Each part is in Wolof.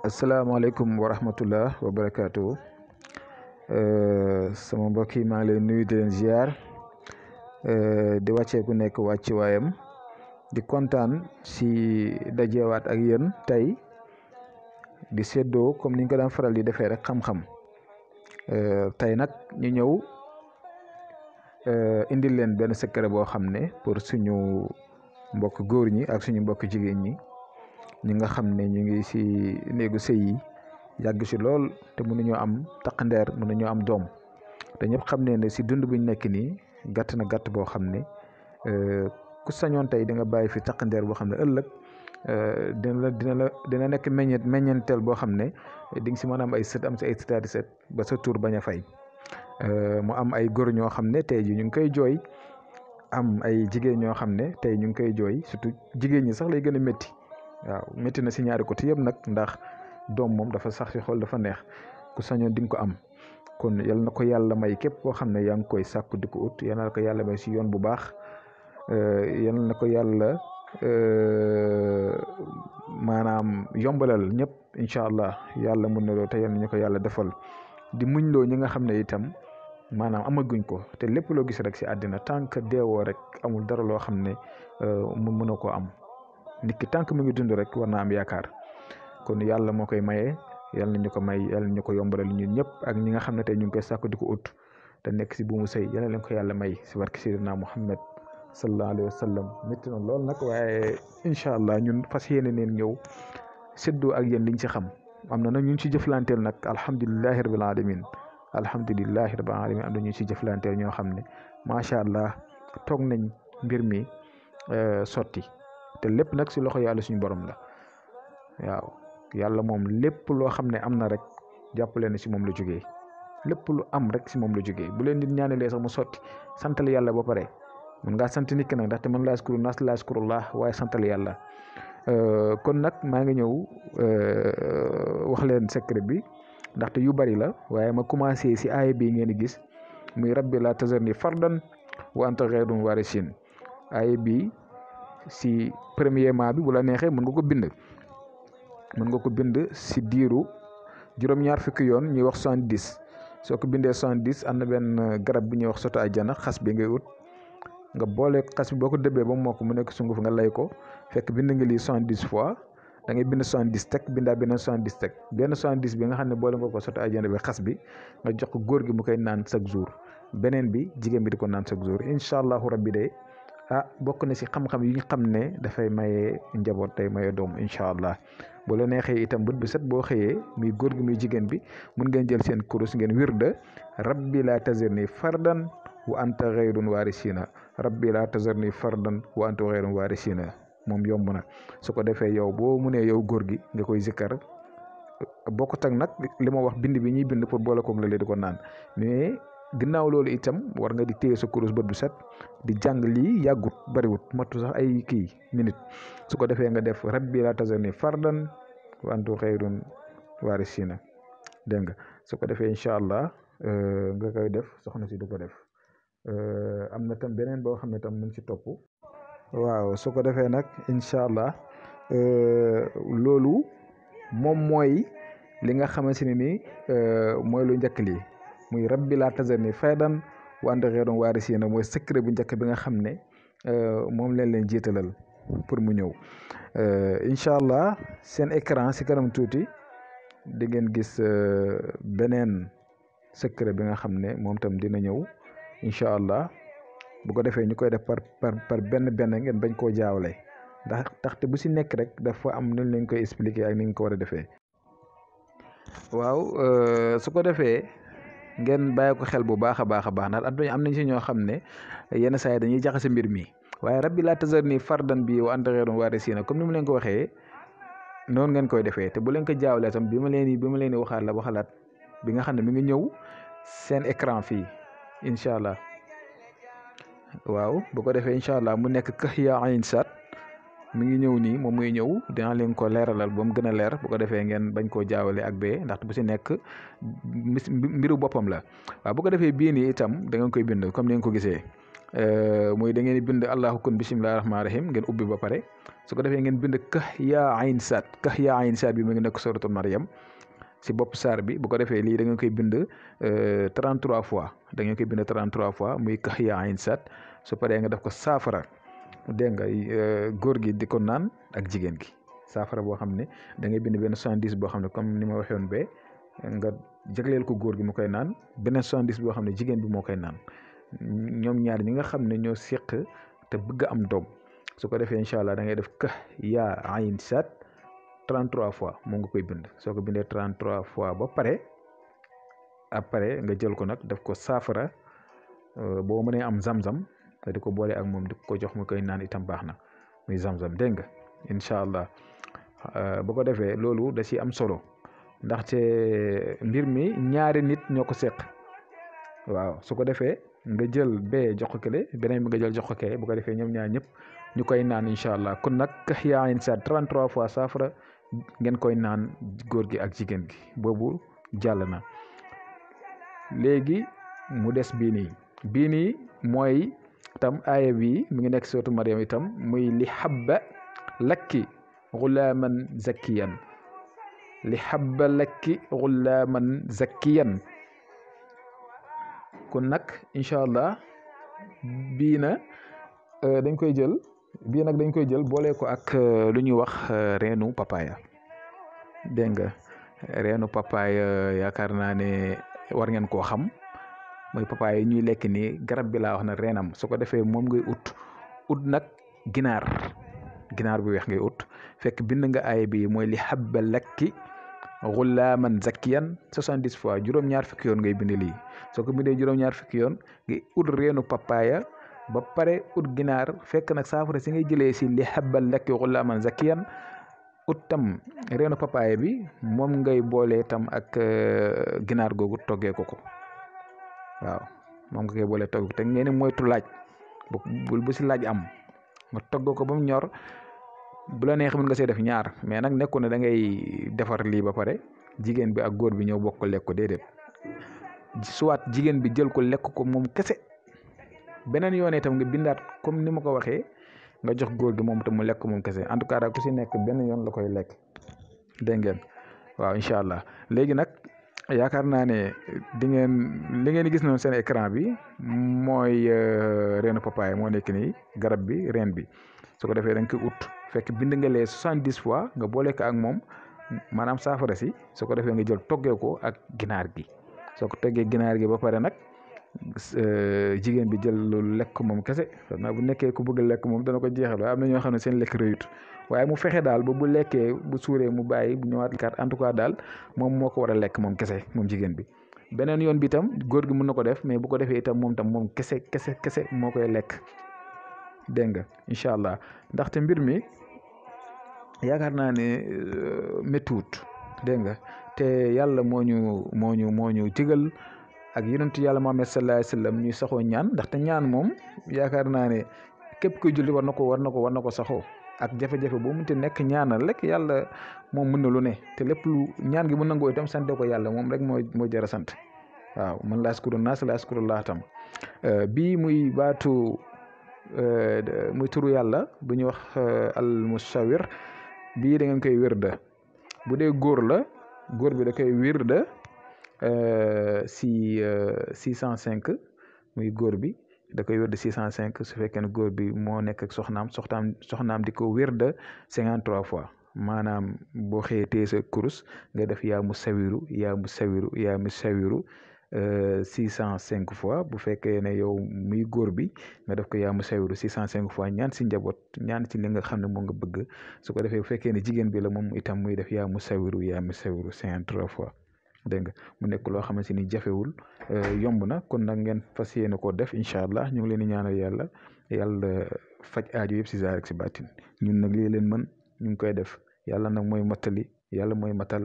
Assalamualaikum warahmatullahi wabarakatuh. wa eh, sama mbokk yi lay nuyu di len ziar di wacce ku nek wacce wayam di contane si wat ak yeen tay di seddo comme ni nga ko faral di defé rek xam-xam eh, tay nak ñu euh indil len ben secret bo xamné pour suñu mbokk goor ñi ak suñu mbokk jigéen ñi. ñi nga xam ne ñu ngi si néegu sëy yi yàgg si lool te mënuñoo am taqandeer mënuñoo am doom te ñëpp xam ne ne si dund buñ nekk nii gàtt na gàtt boo xam ne euh, ku sañoon tey di nga bàyyi fi taqandeer boo xam ne ëllëg euh, dina la dina la dina nekk meññeent meññeenteel boo xam ne di nga si mën am ay sët am si ay sëtaati sët ba sa tur bañ a fay euh, mu am ay góor ñoo xam ne tey ji ñu ngi koy jooy am ay jigéen ñoo xam ne tey ñu ngi koy jooy surtout jigéen ñi sax lay gën a métti waaw métti na si ñaari côté yëpp nag ndax doom moom dafa sax si xool dafa neex ku sañoon di nga ko am kon yal na ko yàlla may képp koo xam ne yaa ngi koy sàkku ut yal ko yàlla may si yoon bu baax euh, yal na ko yàlla euh, maanaam yombalal ñëpp incha allah yàlla mun na loo te yal na ñu ko yàlla defal di muñ loo ñi nga xam ne itam maanaam amaguñ ko te lépp loo gis rek si àddina tant que deewoo rek amul dara loo xam ne euh, mu mën a koo am. nit ki tànk mu ngi dund rek war naa am yaakaar kon yàlla moo koy maye yàlla nañu ko may yàlla nañu ko yombalal ñun ñëpp ak ñi xam ne tey ñu ngi koy sàkku di ut te nekk si buumu sëy yàlla leen ko yàlla may si barke Seydina Muhammad sallallahu alayhi wa sallam métti na lool nag waaye incha allah ñun fas yéene neen ñëw séddoo ak yéen liñ si xam am na nag ñu ngi si jëflanteel nag alhamdulilahi rabil alamin alhamdulilahi rabil alamin am na ñu si jëflanteel ñoo xam ne macha allah toog nañ mbir mi eh, sotti. te lepp nak si loxo yalla suñu borom la waaw yalla mom lepp lo xamne ne rek jàpp leen si moom la jógee lepp lu am rek si mom la jógee bu len nit ñaanale sax mu soti santal yalla ba pare mun nga sant nit ki ndax te man la askuru nas la askuru allah way santal euh kon ma nga ñew euh wax len secret bi te yu bari la waye ma commencé si ay bi ngeen gis muy rabbi la tazarni fardan wa anta ghayrun warisin ay bi si premièrement bi bu la neexee mën nga ko bind mën nga ko bind si diru juróom-ñaar fukk yoon ñi wax 70 dix soo ko bindee soixante-dix benn garab bi ñuy wax sota ajjana xas bi ngay ut nga boole xas bi boo ko dëbbee ba mokk mu nekk sunguf nga lay ko fekk bind nga lii soixante fois da ngay bind soixante tek teg bindaa beneen soixante-dix teg benn soixante bi nga xam ne boole nga ko sota ajjana bi xas bi nga jox ko góor gi mu koy naan chaque jour beneen bi jigéen bi di ko naan chaque jour incha rabbi day ah bokk na si xam-xam yi xam ne dafay maye njaboot tey maye doom incha allah bu la itam bët bu set boo xëyee muy góor gi muy jigéen bi mun ngeen jël seen kurus ngeen wirda rabbi laa tazirni fardan wa anta xayrun waarisina rabbi laa tazirni fardan wa anta xayrun waarisina moom yomb na su ko defee yow boo munee yow góor gi nga koy zikkar bokkut ak nag li ma wax bind bi ñuy bind pour boole koog la lee di naan mais ginnaw lolou itam war nga di téye sa kurus bët bu set di li yagut bari wut matu sax ay ki minute su ko nga def rabbi la tazani fardan wa antu warisina warisina dégg su ko defee inshallah euh nga koy def soxna ci du ko def euh amna tam benen bo xamné tam mu ngi ci top waaw su ko defee nak inshallah euh lolou mom moy li nga xamanteni ni euh moy lu njëkk li muy rabbi la tazani faydan wa anta xeyrun waarisiina mooy secret bu ñëk bi nga xamne euh mom leen leen jiitalal pour mu ñëw euh inshallah seen écran si kanam tuuti di ngeen gis euh, benen secret bi nga xamne mom tam dina ñëw inshallah bu ko defé ñukoy def par par par benn benn ngeen bañ ko jaawlé ndax taxte bu ci nek rek dafa am ñu lañ koy expliquer ak ñu ko wara defé waaw euh, su ko defé ngeen bàyyi ko xel bu baax a baax a baax ndax adduñu am nañ si ñoo xam ne yenn saa yi dañuy jaxase mbir mi waaye rabbi laa tazarni fardan bi wa anta xayrun waarisiina comme ni mu leen ko waxee noonu ngeen koy defee te bu leen ko jaawalee tam bi ma leen bi ma leen waxaat la waxalaat bi nga xam ne mi ngi ñëw seen écran fi incha allah waaw bu ko defee incha allah mu nekk Kahya Ayn Sat mi ngi ñëw nii moom muy ñëw dinaa leen ko leeralal ba mu gën a leer bu ko defee ngeen bañ koo jaawale ak bee ndaxte bu si nekk mbiru boppam la waaw bu ko defee bii nii itam da ngeen koy bind comme ni ngeen ko gisee euh, muy da ngeen bind allahu kun bisimilah rahmaani rahim ngeen ubbi ba pare su ko defee ngeen bind kax yaa ayn saat kax yaa ayn saat bi mu ngi nekk suratul Maryam si bopp saar bi bu ko defee lii da ngeen koy bind 33 euh, fois da ngeen koy bind 33 fois muy kax yaa ayn su paree nga def ko saafara. denga nga euh, gi di nan ak jigen gi safara bo xamne da ngay bind ben 70 bo xamne comme nima waxone be nga jeglel ko góor gi mu koy nan beneen 70 bo xamne jigen bi mo koy nan ñom ñaar ñi nga xamne ño sekk te bëgg am doom su ko defé inshallah da ngay def kah ya ayn saat 33 fois mo nga koy bind soo ko 33 fois ba pare après nga jël ko nak def ko safara euh, bo mëne am zam-zam di ko boole ak moom di ko jox mu koy naan itam baax na muy zam-zam dégg nga incha allah euh, bu ko defee loolu da ci am solo ndax ndaxte mbir mi ñaari nit ñoo ko seq waaw su ko defee nga jël bee jox ko kële beneen bi nga jël jox bu ko defee ñoom ñaar ñëpp ñu koy naan incha allah kon nag yaa ngi saa 33 fois saafara ngeen koy naan góor gi ak jigéen gi boobu jàll na mu des bii nii bii mooy tam aaya bi mu ngi nekk suratu Maryam itam muy li habba lakki xulaaman zakkiyan li habba lakki xulaaman zakkiyan kon nag incha allah bii na euh, dañ koy jël bii nag dañ koy jël boole ko ak euh, lu ñuy wax euh, reenu papaya dégg nga reenu papaya yaakaar naa ne war ngeen koo xam mooy papaay yi ñuy lekk nii garab bi laa wax na reenam su ko defee moom ngay ut ut nag ginaar ginaar bu weex ngay ut fekk bind nga aaya bi mooy li habba lakki xulaaman zakkiyan soixante-dix fois juróom-ñaar fukki yoon ngay bind lii soo ko bindee juróom-ñaar fukki yoon ngay ut reenu papaaya ba pare ut ginaar fekk nag saafara si ngay jëlee si li habba lakki xulaaman zakkiyan ut tam reenu papaaya bi moom ngay boolee tam ak euh, ginaar googu toggee ko ko waaw moom nga koy boole togg te ngeen moytu laaj bu bu si laaj am nga togg ko ba mu ñor bu la neex mën nga see def ñaar mais nag nekku ne da ngay defar lii ba pare jigéen bi ak góor bi ñëw bokk ko lekk ko déedéet soit jigéen bi jël ko lekk ko moom kese beneen yoon tam nga bindaat comme ni ma ko waxee nga jox góor gi moom te mu lekk moom kese en tout cas si nekk benn yoon la koy lekk dégg ngeen waaw incha allah léegi nag yaakaar naa ne di ngeen li ngeen gis no seen écran bi mooy euh, reenu papaye moo nekk nii garab bi reen bi so ko defee da nga ut fekk bind nga lee soixante dix fois nga boole ko ak moom maanaam saafara si su ko defee nga jol toggee ko ak ginaar gi soo ko toggee ginaar gi ba pare nag Euh, jigéen bi jël lu lekk moom kese xam bu nekkee ku bugg lekk moom dana ko jeexal waaye am na ñoo xam ne seen lekk rëyut waaye mu fexe daal ba lekkee bu suuree mu bàyyi bu ñëwaat kaat en tout cas daal moom moo ko war a lekk moom kese moom jigéen bi beneen yoon bi itam góor gi mun na ko def mais bu ko defee itam moom tam moom kese kese kese moo koy lekk dégg nga incha allah ndaxte mbir mi yaakaar naa ne euh, méttiwut dégg nga te yàlla moo ñu moo ñu moo ñu digal ak yonent yalla Muhammad sallallahu alaihi wasallam nyan. ñuy saxo ñaan te ñaan mom yaakar naa ne képp julli war nako war nako war nako saxo ak ak jafe-jafe mu te nekk ñaanal rek yalla mom mëna lu ne te lepp lu ñaan gi mu nango itam sante ko yalla mom rek moy moy jara sante sant waaw man la askuru naas la askuru laa tam euh, bi muy baatu euh, muy turu yalla bu wax euh, al musawir bi da ngeen koy wirda bu dee wirde. la gor bi da koy wirda Euh, si euh, six cent cinq muy góor bi da koy wér de six cent cinq su fekkee ne góor bi moo nekk ak soxnaam soxnaam soxnaam di ko wér de cinquante trois fois maanaam boo xëyee téye sa kurus nga def yaa mu sawiru yaa mu sawiru yaa mu sawiru euh, six cent cinq fois bu fekkee ne yow muy góor bi nga def ko yaa mu sawiru six cent cinq fois ñaan si njaboot ñaan si li nga xam ne moo nga bëgg su ko defee bu fekkee ne jigéen bi la moom itam muy def yaa mu sawiru yaa mu sawiru trois fois Deng, nga mu nekk loo xamante ni jafewul euh, yomb na kon nag ngeen fas yéene koo def incha allah ñu ngi leen di ñaanal yàlla yàlla faj aajo yëpp si zaar ak si batin. ñun nag lii leen mën ñu ngi koy def yàlla nag mooy mottali yàlla mooy matal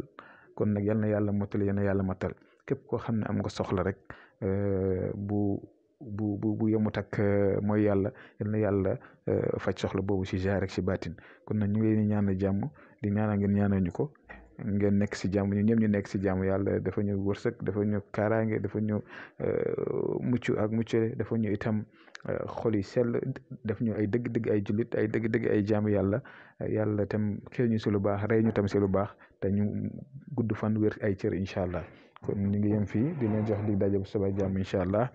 kon nag yal na yàlla mottali yal na yàlla matal képp koo xam ne am nga soxla rek euh, bu bu bu bu yemut ak euh, mooy yàlla yal na yàlla faj soxla boobu si zaar ak si batin. kon nag ñu ngi leen di ñaanal jàmm di ñaanal ngeen ñaanal ñu ngeen nekk si jàmm ñu ñëpp ñu nekk si jàmm yàlla dafa ñu wërsëg dafa ñu kaaraange dafa ñu euh, mucc ak muccale dafa ñu itam euh, xol yi sell def ñu ay dëgg-dëgg ay jullit ay dëgg-dëgg ay jaamu yàlla yàlla itam xëy ñu si baax rey ñu tam si lu baax te ñu gudd fan wér ay cër incha allah kon ñu ngi yem fii di leen jox dig daje bu suba jàmm incha allah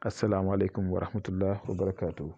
asalaamaaleykum wa rahmatullah wa barakaatu.